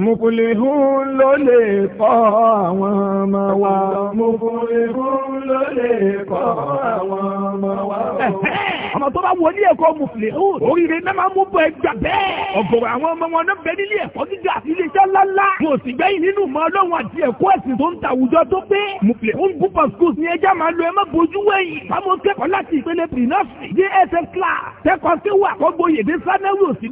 Mùkùlìhún ló lè kọ́ àwọn ọmọ wa. Mùkùlìhún ló lè kọ́ àwọn ọmọ wa ọmọ tó bá wọ ní ẹ̀kọ́ muflihun oríire náà máa mú bọ ẹgbà bẹ́ẹ̀ ọ̀gọ̀rọ̀ àwọn ọmọ wọn náà bẹ nílé ẹ̀kọ́ gíga ilé iṣẹ́ ńláńlá mo sì gbẹ́yìn nínú mọ ọlọ́run àti ẹ̀kọ́ ẹ̀sìn tó ń ta àwùjọ tó pé muflihun púpọ̀ schools ni ẹja máa lo ẹ má bojú wẹ̀yìn báwọn kẹ́kọ̀ọ́ láti ìpele pre-nursery dss class kẹ́kọ̀ọ́ sí wà kọ́gbó yèdè sanẹ́wì òsì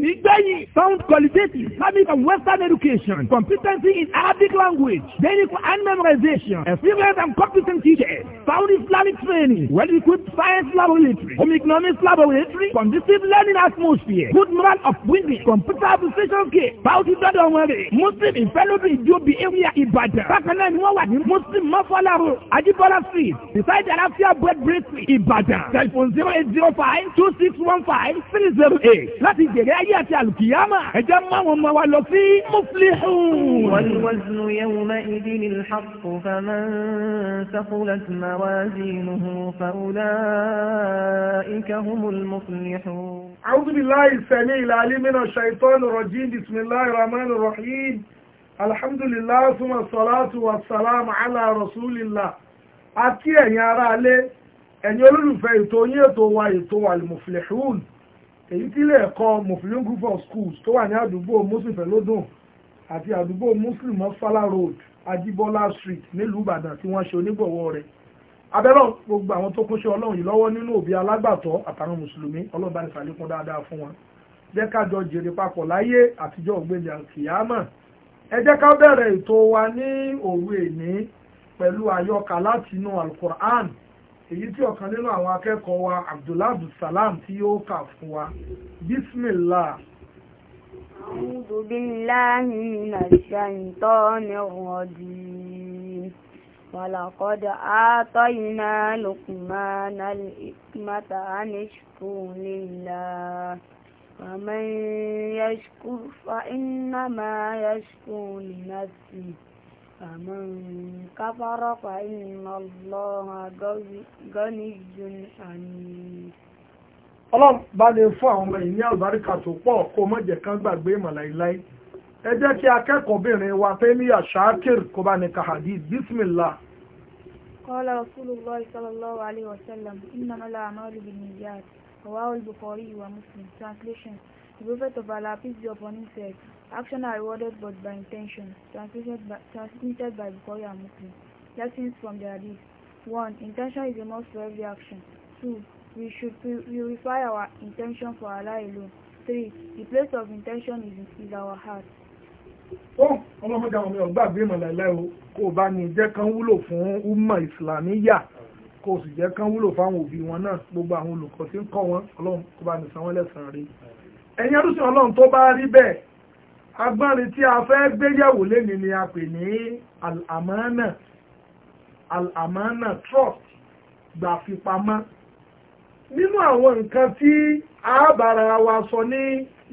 sound qualitative Islamic and Western education competency in Arabic language clinical and memorization, experienced and competent teachers, sound Islamic training, well-equipped science laboratory, home economics laboratory, conducive learning atmosphere, good moral of women, computer application care, báwùjọ dọ́dọ̀ wọn rè. Muslim ìfẹ́lódù ìjọbi area Ìbàdàn. Bákan náà ni wọ́n wà ní Muslim Mọ́fọ́lá road, Ajibola street, beside Alafia bread bakery, Ìbàdàn. Telephone zero eight zero five two six one five three zero eight. Láti jèrè ayé àti àlùkìyámà, ẹ jẹ́ mú àwọn ọmọ wa lọ sí Muflihun. والوزن يومئذ الحق فمن ثقلت موازينه فأولئك هم المفلحون أعوذ بالله السميع العليم من الشيطان الرجيم بسم الله الرحمن الرحيم الحمد لله ثم الصلاة والسلام على رسول الله àti ẹ̀yin aráalé ẹ̀yin olólùfẹ́ ètò yín ètò wa ètò al-muflihun èyí tí ilé ẹ̀kọ́ muflihun group of schools tó wà ní àdúgbò muslim fẹ́lódùn àti àdúgbò muslim mọ́fálà road ajibola street nílùú ìbàdàn tí wọ́n ṣe onígbọ̀wọ́ rẹ̀ abẹ́rọ̀ gbogbo àwọn tó kúnṣe ọlọ́run yìí lọ́wọ́ nínú òbí alágbàtọ́ àtàwọn mùsùlùmí ọlọ́run bá ní sàlékún dáadáa fún wọn jẹ́ ká jọ jèrè papọ̀ láyé àtijọ́ ògbéjà kìyàmà ẹ jẹ́ ká bẹ̀rẹ̀ ètò wa ní òwe ní pẹ̀lú àyọkà láti inú alukur'an èyí tí ọ̀kan nínú àwọn akẹ́kọ̀ọ́ wa abdullahi abdulsalam tí yóò kà fún wa bismillah. أعوذ ولقد آتينا لقمان الحكمة أن اشكر لله ومن يشكر فإنما يشكر لنفسه فمن كفر فإن الله غني حميد ọlọ́run bá lè fún àwọn ẹ̀yìn ní àlùbáríkà tó pọ̀ kó mọ́jẹ̀ kan gbàgbé màláìláì ẹ jẹ́ kí akẹ́kọ̀ọ́bìnrin wa Tẹ́míyà Ṣáàkìr kó bá ní kàhàdí bísmìlá. Qala Rasulullah sallallahu alayhi wa sallam innamal a'malu binniyat rawahu al-Bukhari wa Muslim translation the prophet of Allah peace be upon him said "Action are rewarded but by intention transmitted by, transmitted by Bukhari and Muslim lessons from the hadith one intention is a must for every action two we should purify our intention for Allah alone three the place of intention is, is our heart tó ọlọ́mọdé àwọn ọmọ gbàgbé mọ̀lẹ́lẹ́ o kó o bá ní jẹ́ kán wúlò fún umma islamiyya kó o sì jẹ́ kán wúlò fáwọn òbí wọn náà gbogbo àwọn olùkọ́ tí ń kọ́ wọn ọlọ́run kó bá ní san wọ́n lẹ́sàn-án rí ẹ̀yin arúgbó ọlọ́run tó bá rí bẹ́ẹ̀ agbọ́nrin tí a fẹ́ gbéyàwó lẹ́ni ni a pè ní al-amana al-amana trust gbà fipamọ́ nínú àwọn nǹkan tí a bára wa sọ ní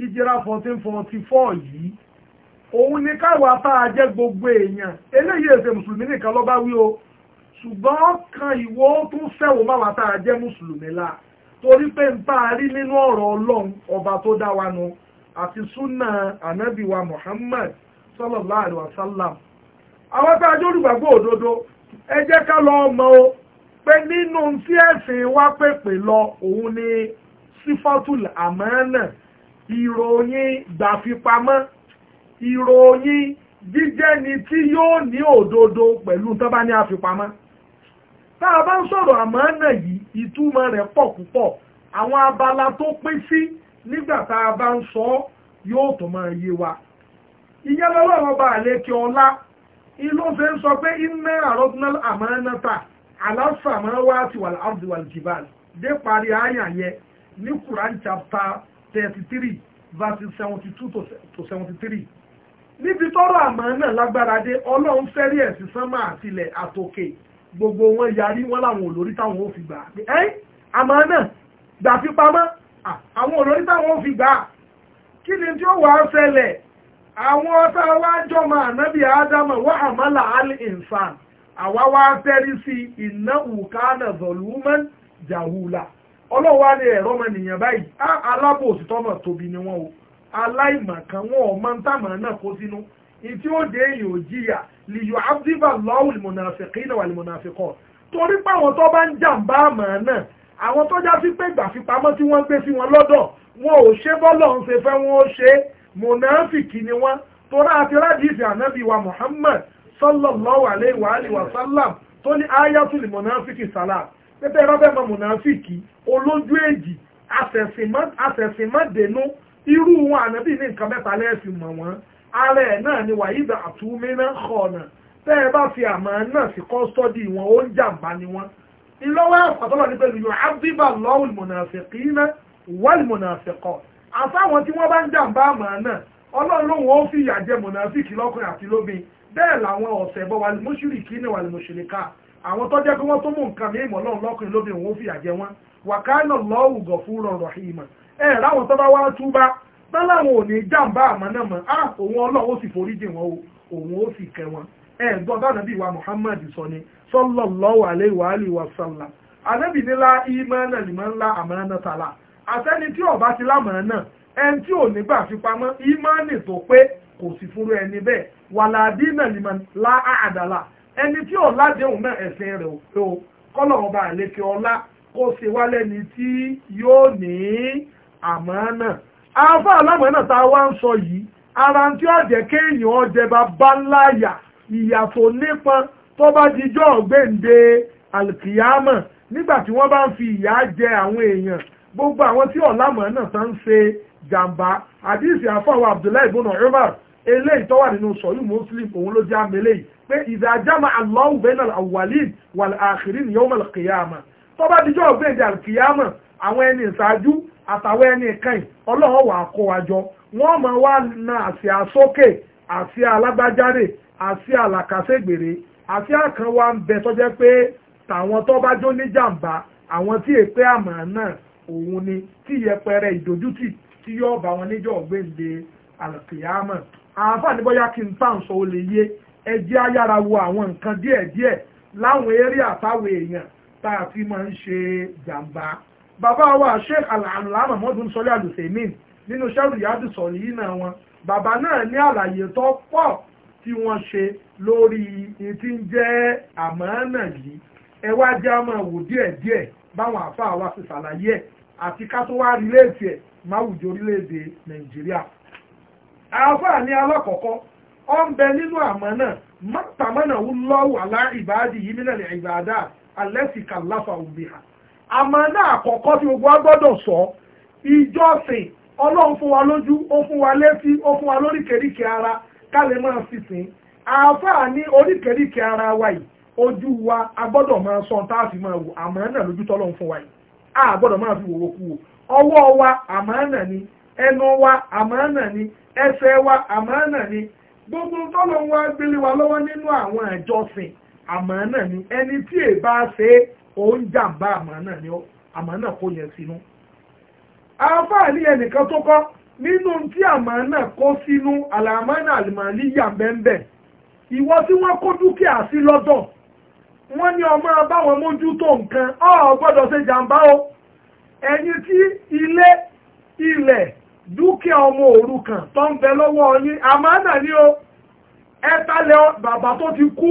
ìjìrá fourteen forty four yìí òun ni káwa bá a jẹ́ gbogbo èèyàn eléyìí èsè mùsùlùmí nìkan ló bá wí o ṣùgbọ́n kan ìwọ tún fẹ́wò máwa tá a jẹ́ mùsùlùmí la torí pé n tá a rí nínú ọ̀rọ̀ ọlọ́run ọba tó dá wa nu àti súnà ànábìwa Muhammad sallallahu alaihi wasallam àwọn tá a jẹ́ olùgbàgbọ́ òdodo ẹ jẹ́ ká lọ mọ o pé nínú tí ẹ̀sìn wa pèpè lọ òun ni sífọ́tùl àmánà ìròyìn gbàfipamọ́ ìròyìn jíjẹ́ ni tí yóò ní òdodo pẹ̀lú tó bá ní àfipamọ́ tá a bá ń sọ̀rọ̀ àmánà yìí ìtumọ̀ rẹ̀ pọ̀ púpọ̀ àwọn abala tó pín sí nígbà tá a bá ń sọ yóò tó máa yé wa ìyẹn lọ́wọ́ àwọn ọba àlékè ọlá ìlú fẹ́ sọ pé iná àrọ́túnà àmánátà aláṣàmáwáàtì wal ardi wal jibal dé parí àyà yẹn ní Quran chapter thirty three verses seventy two to seventy three níbi tọ́rọ̀ àmọ́ náà lágbára dé ọlọ́run fẹ́rí ẹ̀ sí sánmà àtìlẹ̀ àtòkè gbogbo wọn yarí wọn láwọn olórí táwọn ò fi gbà ẹ́ àmọ́ náà gbà fi pamọ́ àwọn olórí táwọn ò fi gbà kí ni tí ó wà á ṣẹlẹ̀ àwọn ọ̀tá wa jọmọ ànábì ádámà wà àmàlà al insan àwa wá fẹ́rí sí iná ùkánà zọlúmọ́n jàhùlà ọlọ́wà ni ẹ̀rọ ọmọ nìyẹn báyìí alábòsítọ́mọ̀ tóbi ni wọ́n o aláìmọ̀kan wọn ò mọ ntàmọ̀ náà kó sínú ìtí ó dé èyàn ò jìyà lìyọ abdulba lọ́wọ́ lìmọ̀nàfẹ́kì náà wà lìmọ̀nàfẹ́kọ́ torí pé àwọn tó bá ń jàǹbá àmọ̀ náà àwọn tó já sí pé gbàfipamọ́ tí wọ́n gbé sí wọn lọ́dọ̀ wọn ò ṣe bọ́lọ̀ ń ṣe fẹ́ wọn ó ṣe mọ̀nàfìkì ni wọ́n torí àti rádìsì ànábì wa Muhammad sallallahu alayhi wa alihi wa sallam tó ní ayatul mọ̀nàfìkì salam pépé rábẹ́ mọ̀ mọ̀nàfìkì olójú èjì àṣẹ̀sìmọ́dẹ̀nu irú wọn ànábì ní nǹkan mẹ́ta lẹ́ẹ̀fì mọ̀ wọ́n ara ẹ̀ náà ni wàhídà àtúmínà kọ̀ọ̀nà tẹ́ ẹ bá fi àmọ́ náà sí kọ́sítọ́dì wọn ó ń jàǹbá ni wọ́n ìlọ́wọ́ àpàtọ́lọ́ ní pẹ̀lú yóò ábíbà lọ́wọ́ ìmọ̀nàfẹ́kìínà wà ìmọ̀nàfẹ́kọ̀ àtàwọn tí wọ́n bá ń jàǹbá àmọ́ náà ọlọ́run lòun ó fi ìyà jẹ mọ̀nàfíkì lọ́kùnrin àti lóbìn bẹ́ẹ̀ làwọn ọ̀sẹ̀ bọ́ wà lùmọ́ṣúrì kí ni wà lùmọ́ṣúrì ká àwọn tó jẹ́ pé wọ́n tó mú nǹkan mí ìmọ̀ lọ́run lọ́kùnrin lóbìn òun ó fi ìyà wọn wàkánà lọ́wọ́ gọ̀fúrọ̀ rọ̀hìmọ̀ ẹ ráwọn tó bá wá túbá láláwọn ò ní jàǹbá àmọ́nàmọ́ á òun ọlọ́run ó sì foríjì wọn o òun ó sì kẹ́ wọn ẹ gbọ́ wa Muhammad sọ ni sallallahu alaihi wa alihi wa sallam ànábì nílá ìmọ̀ọ́nà lè máa ń la àmọ́nà tààlà àtẹ́ni tí ọba ti lámọ̀ọ́ náà ẹni tí ò ní gbà fi pamọ́ ìmọ̀ọ́nì tó pé kò sì fúru ẹni bẹ́ẹ̀ wàlàdí náà lè máa la àdàlà ẹni tí ò ládéhùn náà ẹ̀sìn rẹ̀ ò kọ́lọ̀ ọba àlekè ọlá kó ṣe wá tí yóò ní àmánà àáfà alámọ̀nà tá a wá ń sọ yìí ara tí ó jẹ́ kéèyàn ọjẹba bá láyà ìyàtọ̀ nípọn tó bá dijọ́ ọ̀gbẹ́ǹde alkiyama nígbà tí wọ́n bá ń fi ìyà jẹ àwọn èèyàn gbogbo àwọn tí ọ̀làmọ̀nà tá ń ṣe jàǹbá àdìsí àfọwọ́ Abdullahi ibn Umar eléyìí tó wà nínú sọ̀yún Muslim òun ló jẹ́ àmì eléyìí pé ìdájámà Allahu bainal awwalin wal akhirin yawm al-qiyama tó bá dijọ́ ọ̀gbẹ́ǹde alkiyama àwọn ẹni ìṣáájú àtàwọn ẹni ìkẹyìn ọlọ́run wà kó wa jọ wọ́n máa wá na àsíá sókè àsíá alágbájáre àlàkàṣègbèrè kan wá ń bẹ tọ́jẹ́ pé tàwọn tó bá jó níjàmbá àwọn tí èpè àmọ́ náà òun ni tí yẹpẹrẹ ìdójútì tí wọn níjọ́ àlùkìyàmọ̀ àǹfààní bóyá kí n tàn sọ yé ayára wo àwọn nǹkan díẹ̀díẹ̀ láwọn eré àtàwọn èèyàn tá a bàbá wa sheikh alhamdulilah mahmood nsọ́lé alùsèmín nínú sẹ́rù yàtì sọ̀rọ̀ yìí náà wọn bàbá náà ní àlàyé tó tí wọ́n ṣe lórí etí ń jẹ́ àmọ́nà yìí ẹ wá jẹ́ àmọ́ báwọn àfáà wa ti ẹ̀ àti wá orílẹ̀-èdè nàìjíríà. àfáà ní alákọ̀ọ́kọ́ nínú àmọ́nà mọ́tàmọ́nà àmọ́ náà àkọ́kọ́ tí gbogbo agbọ́dọ̀ sọ ìjọsìn ọlọ́run fún wa lójú ó fún wa létí ó fún wa lóríkèríkè ara ká lè máa fi sìn àáfàá ní oríkèríkè ara wa yìí ojú wa agbọ́dọ̀ máa sọ tá a fi máa wò àmọ́ lójú tọ́lọ́run fún wa yìí a gbọ́dọ̀ máa fi wòwò kú wò ọwọ́ wa àmọ́ ni ẹnu wa àmọ́ ni ẹsẹ̀ wa àmọ́ ni gbogbo tọ́lọ́run wa gbélé wa lọ́wọ́ nínú àwọn ìjọsìn àmọ́ ni ẹni tí èèbá ṣe é òun jàǹbá àmàna ni ó àmàna kò yẹn sínú. àǹfààní ẹnìkan tó kọ́ nínú tí àmàna kó sínú àlàmánà àlùmọ́ọ́lì yà bẹ́ẹ̀ ìwọ tí wọ́n kó dúkìá sí lọ́dọ̀ wọ́n ní ọmọ báwọn mójútó nǹkan ọ̀ gbọ́dọ̀ ṣe jàǹbá o ẹni tí ilé ilẹ̀ dúkìá ọmọ òrukàn tó ń bẹ lọ́wọ́ yín àmàna ni ó ẹ̀ta lẹ́ bàbá tó ti kú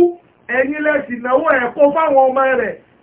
ẹ̀yin lẹ́sìn náwó ẹ̀kọ́ fáwọn ọmọ rẹ̀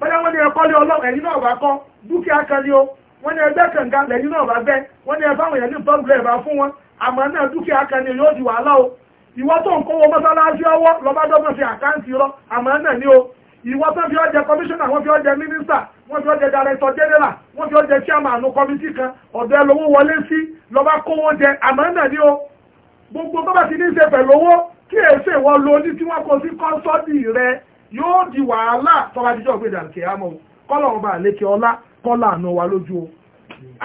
bọ́dá wọ́n ní ẹkọ́ lé ọlọ́run ẹ̀yìn náà bá kọ́ dúkìá kan ni ó wọ́n ní ẹgbẹ́ kànga lẹ́yìn náà bá bẹ́ wọ́n ní ẹbá wọ̀nyẹn ní pọ́ǹgù ẹ̀bá fún wọn àmọ́ náà dúkìá kan ni yóò di wàhálà o ìwọ tó ń kówó mọ́sálásí ọwọ́ lọ́ba dọ́gbọ́n fi àkáǹtì rọ àmọ́ náà ni o ìwọ tó fi ọjẹ kọmíṣánná wọ́n fi ọjẹ mínísítà wọ́n fi ọjẹ dàrẹ́tọ̀ jẹ́nẹ́rà wọ́n fi ọjẹ chairman kọmitì kan ọ̀dọ̀ ẹlòwó wọlé sí lọ́ba kówó jẹ àmọ́ náà ni o gbogbo bábà ti ní í ṣe pẹ̀lú owó kí èsè wọn lo ní tí wọ́n kó sí kọ́ńsọ́ọ̀dì rẹ̀ yóò di wàhálà tọ́ba jíjọ́ gbé dànkè àmọ́ kọ́lọ̀ ọba àlékè ọlá kọ́lọ̀ àna wa lójú o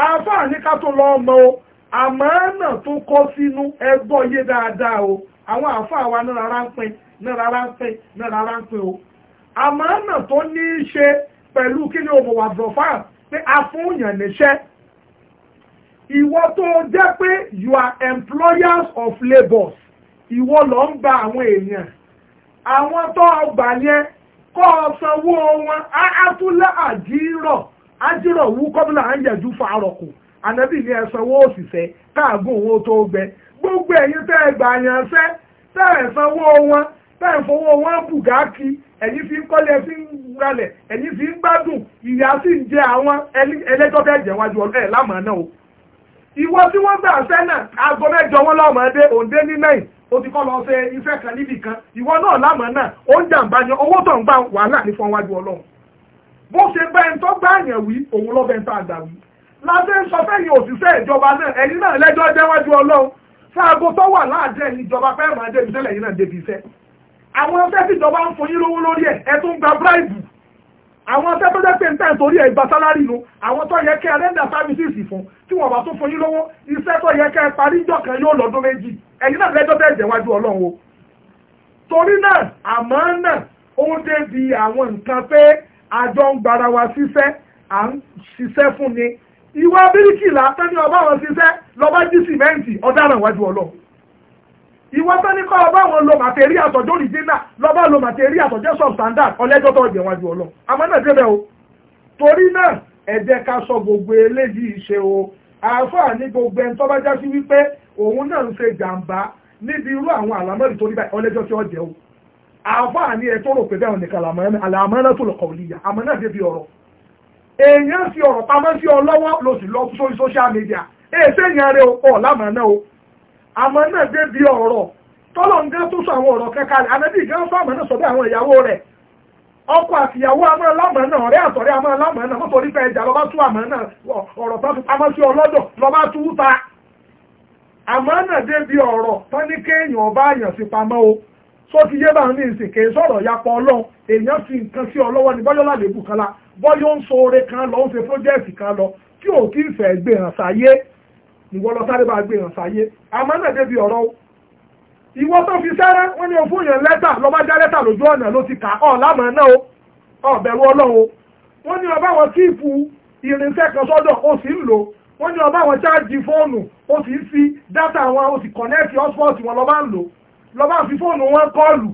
àáfàá ní ká tó lọ ọmọ o àmọ́ náà tó kọ́ sínú ẹgbọ́ yé dáadáa o àwọn àáfàá wa náà rárá ń pin náà rárá o àmọ́ náà tó ní í ṣe pẹ̀lú kí ni òmò wà bọ̀fà pé a fún yàn níṣẹ́ ìwọ tó jẹ́ pé you are employers of labour. ìwọ ló ń gba àwọn èèyàn àwọn tó ọgbà yẹn kọ́ ọ̀sanwó wọn àtúlẹ̀ àjírọ̀ àjírọ̀ wú kọ́bílà àyẹ̀jú fàárọ̀kù ànábì ní ẹ̀sanwó òṣìṣẹ́ káàgùn owó tó gbẹ gbogbo ẹ̀yin tẹ́ ẹ gbà yàn ṣẹ́ tẹ́ ẹ sanwó wọn tẹ́ ẹ fowó wọn bùgákì ẹ̀yin fi ń kọ́lé fi ń ralẹ̀ ẹ̀yin fi ń gbádùn ìyà sì ń jẹ àwọn ẹlẹ́jọ́ bẹ́ẹ̀ jẹ́ wájú ọlọ́ọ̀ náà ìwọ tí wọ́n gbà sẹ́nà aago mẹ́jọ wọn lọ́mọ dé òǹdé ní náì o ti kọ́ lọ ṣe iṣẹ́ kan níbì kan ìwọ náà lámọ̀ náà ó ń jàǹbá yan owó tó ń gbà wàhálà ní fún wájú ọlọ́run bó ṣe bá ẹni tó gbà yàn wí òun ló bẹ́ẹ̀ tó àgbà wí lábẹ́ ń sọ fẹ́yìn òṣìṣẹ́ ìjọba náà ẹ̀yin náà lẹ́jọ́ jẹ́wájú ọlọ́run fáago tó wà láàjẹ́ ìjọba fẹ́ẹ́ máa débi sẹ́lẹ̀ yìí náà débi iṣẹ́ àwọn afẹ́fíjọba ń fún yín lówó lórí ẹ̀ ẹ̀ tó ń gba bíráìbù àwọn akẹ́kọ̀ọ́ pé ń tàn torí ẹ̀ ìgbà sálárì nu àwọn tó yẹ kẹ́ ẹ rẹ́ńdà sáfísìsì fún tí wọ́n bá tún fún yín lówó iṣẹ́ tó yẹ kẹ́ ẹ parí ìjọ kan yóò lọ́dún méjì ẹ̀yin náà lẹ́jọ́ bẹ́ẹ̀ jẹ́ wájú ọlọ́run o torí náà àmọ́ náà ó dé bi àwọn nǹkan pé àjọ ń gbara wa ṣiṣẹ́ à ń ṣiṣẹ́ fún ni ìwà bíríkìlà tẹ́ni ọba àwọn ṣiṣẹ́ lọ́ba jí sìmẹ́ǹtì ọ̀daràn wájú ọlọ́run ìwọ́n tán ní kọ́ ọba wọn lo màtẹ́rí àtọ̀jọ́ òrìjínà lọ́ba lo màtẹ́rí àtọ̀jọ́ substandard ọlẹ́jọ́ tó jẹ̀ wájú ọlọ́ àmọ́ náà débẹ̀ o torí náà ẹ jẹ́ ká sọ gbogbo eléyìí ṣe o àáfàá ní gbogbo ẹni tó bá já sí wípé òun náà ń ṣe jàǹbá níbi irú àwọn àlámọ́rì tó rí báyìí ọlẹ́jọ́ tí ó jẹ́ o àáfàá ní ẹ tó rò pé bẹ́ẹ̀ nìkan àlámọ́rì tó lọ kọ̀ọ̀lìyà àmọ́ náà débi ọ̀rọ̀ èèyàn fi ọ̀rọ̀ pamọ́ sí ọ lọ́wọ́ lọ sí lọ sórí social media èèṣẹ́ yẹn rẹ o ọ̀ lámàá náà o àmọ́ náà débi ọ̀rọ̀ tọ́lọ̀ ń gán tó sọ àwọn ọ̀rọ̀ kankan ànábì sọ àmọ́ náà sọ bí àwọn ìyàwó rẹ̀ ọkọ àtìyàwó àmọ́ lámọ̀ náà ọ̀rẹ́ àtọ̀rẹ́ àmọ́ náà mọ́tò tú àmọ́ náà ọ̀rọ̀ tó fi pamọ́ sí ọlọ́dọ̀ tú ta àmọ́ náà ọ̀rọ̀ ní kéèyàn ọba àyàn sí pamọ́ o tó ti yé bá ní ìsìn kèé sọ̀rọ̀ yapọ̀ ọlọ́run èèyàn fi nǹkan sí ọlọ́wọ́ ni bọ́yọ́ lálébù kan la bọ́yọ́ ń so oore kan lọ ń ṣe kan lọ tí ìwọ lọ sáré bá gbé hàn sáyé àmọ́ náà débi ọ̀rọ̀ o ìwọ tó fi sẹ́rẹ́ wọ́n ní òfin yẹn lẹ́tà lọ́ bá já lẹ́tà lójú ọ̀nà ló ti kà ọ́ lámọ̀ náà o ọ̀bẹ̀rù ọlọ́run o wọ́n ní ọba wọn kíìpù irinṣẹ́ kan sọ́dọ̀ ó sì ń lò wọ́n ní ọba wọn chájì fóònù ó sì ń fi dátà wọn ó sì kọ̀nẹ́ẹ̀tì hotspot wọn lọ́ba ń lò lọ́ba fi fóònù wọn kọ́ọ̀lù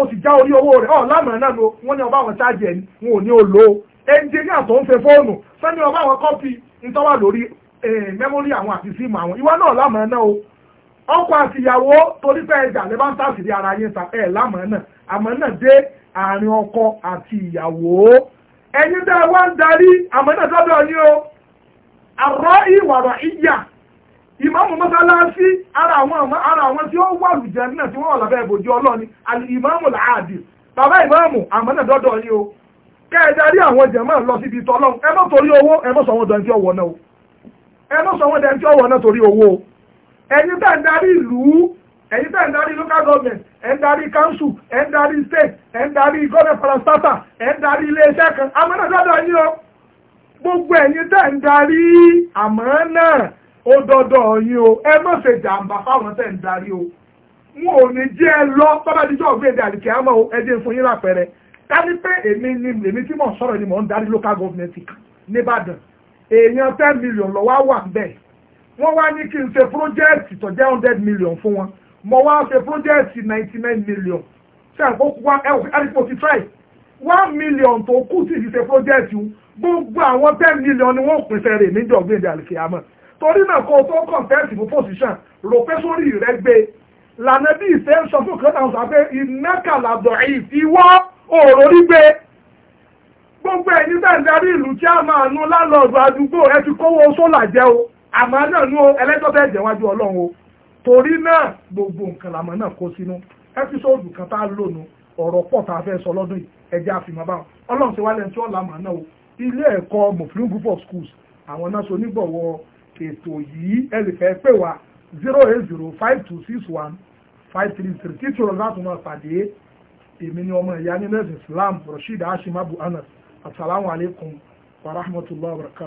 ó sì já orí owó rẹ̀ ọ̀ lámọ̀ náà lo wọ́n ní ọba wọn chájì ẹ̀ wọn ò ní ò lò ó ẹnjìníà tó ń fẹ́ fóònù fẹ́ni ọba wọn kọ́pì ń tọ́wà lórí Eh, mẹ́mórì àwọn àti síìmù àwọn ìwọ náà lámàá náà o ọkọ àti ìyàwó torí pé ẹja lè bá ń sàṣìrí ara yín ta ẹ̀ lámàá náà àmọ́ náà dé àárín ọkọ àti ìyàwó ẹ̀yin dá wá ń darí àmọ́ náà sọ́dọ̀ ni o àrọ́ ìwàrọ̀ ìyà ìmáàmù mọ́sálásí ara àwọn ara àwọn tí ó wà lùjẹ́ náà tí wọ́n wà lábẹ́ ìbòjú ọlọ́ni làádì bàbá o kẹ́ ẹ darí àwọn jẹ̀mọ́ lọ síbi tọ́lọ́ ẹ mọ́ torí owó ẹ mọ́ sọ wọn o. ẹ so sọ wọ́n dẹjọ́ ọ̀wọ́ náà torí owó ẹ̀yin tẹ́ ń darí ìlú ẹ̀yin ń darí local government ẹ̀ ń darí council ẹ̀ ń darí state ẹ̀ ń darí government ń darí kan amọ́nà yín o gbogbo ẹ̀yin tẹ́ ń darí àmọ́ náà o ẹ má ṣe jàǹbá fáwọn o wọn ò ní ẹ lọ bábá fún yín ni èmi tí mò ń sọ̀rọ̀ ni mò ń darí local government èèyàn ten million lọ wá wà bẹ́ẹ̀ wọ́n wá ní kí n ṣe projẹ́ẹ̀tì tó jẹ́ hundred million fún wọn mo wá ṣe projẹ́ẹ̀tì ninety nine million ṣe àkókò wa ẹ̀rọ ti try one million tó kù sí ti ṣe projẹ́ẹ̀tì gbogbo àwọn ten million ni wọ́n pèsè rè níjọ̀gbìn ìdàlùkì àmọ́ torí náà kó o tó contest fún position rò pé sórí rẹ gbé lànà bí ìfẹ́ sọ fún kọ́ńtà ọ̀sán pé ìnákàlà dọ̀ gbogbo ẹ̀yin tẹ́ ń darí ìlú tí a máa nu lálọ́ọ̀dù àdúgbò ẹ ti kówó sólà jẹ́ o àmọ́ náà nu ẹlẹ́jọ́ bẹ́ẹ̀ jẹ́ wájú ọlọ́run o torí náà gbogbo nǹkan làmọ́ náà kó sínú ẹ́písọ́ọ̀dù kan tá a lò nu ọ̀rọ̀ pọ̀ tá a fẹ́ sọ lọ́dún yìí àfihàn báwọn o ilé ẹ̀kọ́ mofin group of schools àwọn náà so nígbọ̀wọ́ ètò yìí ẹ lè zero eight zero five two six one five three three títí ọ̀rọ̀ láti máa pàdé èmi ni ọmọ ìyá nílẹ̀ Islam Rasheed Ashimabu Anas assalamu alaikum wa rahmatullahi wa